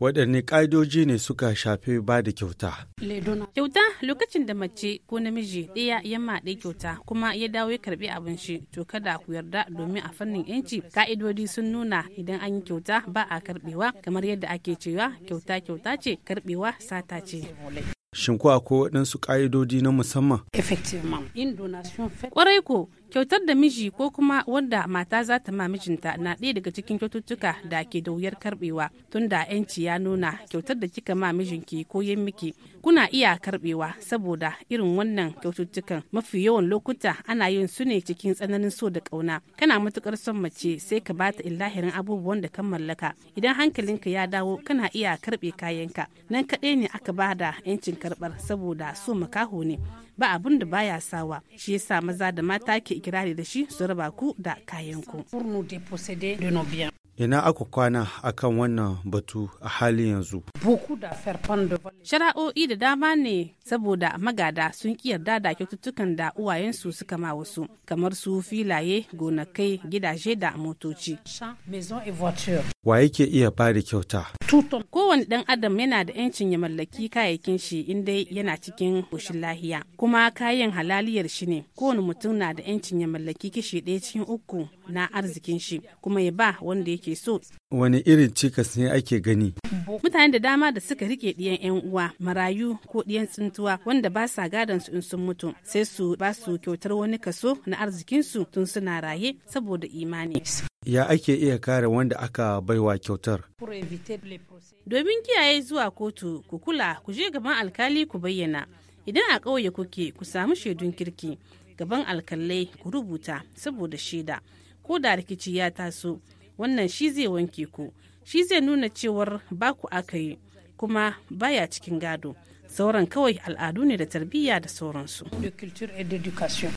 waɗanne ƙa'idoji ne suka shafi ba da kyauta. Kyauta lokacin da mace ko namiji ɗaya ya maɗe kyauta kuma ya dawo ya karɓi abin shi to kada ku yarda domin a fannin yanci ka'idodi sun nuna idan an yi kyauta ba a karɓewa kamar yadda ake cewa kyauta kyauta ce karɓewa sata ce. Shin ko akwai waɗansu ƙa'idodi na musamman? Kwarai ko kyautar da miji ko kuma wanda mata za ta ma mijinta na ɗaya daga cikin kyaututtuka da ke da wuyar karbewa da yanci ya nuna kyautar da kika ma mijinki ko yin miki kuna iya karbewa saboda irin wannan kyaututtukan mafi yawan lokuta ana yin su ne cikin tsananin so da kauna kana matukar son mace sai ka bata illahirin abubuwan da kan mallaka idan hankalinka ya dawo kana iya karbe kayanka nan kaɗai ne aka ba da yancin karbar saboda so makaho ne ba abun da baya sawa shi yasa maza da mata ke suke ikirari da shi su raba ku da kayan ku. Ina aka kwana akan wannan batu a halin yanzu. Shara'o'i da dama ne saboda magada sun ki yarda da kyaututtukan da uwayensu suka ma wasu kamar su filaye, gonakai, gidaje da motoci. Wa yake iya bada kyauta? Kowane ɗan adam yana da 'yancin ya mallaki kayayyakin shi inda yana cikin ƙoshin lahiya. Kuma kayan halaliyar shi ne. Kowane mutum na da 'yancin ya mallaki kishi ɗaya cikin uku na arzikin shi kuma ya ba wanda yake ke so. Wani irin cikas ne ake gani? Mutane da dama da suka rike ɗiyan 'yan uwa, marayu ko ɗiyan tsintuwa wanda ba sa gadon su in sun mutu, sai su ba su kyautar wani kaso na arzikinsu tun suna raye saboda imani. ya ake iya kare wanda aka baiwa kyautar. Domin kiyaye zuwa kotu, ku kula, ku je gaban alkali ku bayyana. Idan a ƙauye kuke, ku samu shaidun kirki. Gaban alkalai ku rubuta saboda shaida. Ko da rikici ya taso, wannan shi zai wanke ku shi zai nuna cewar ba ku aka yi kuma baya cikin gado sauran kawai al'adu ne da tarbiyya da sauransu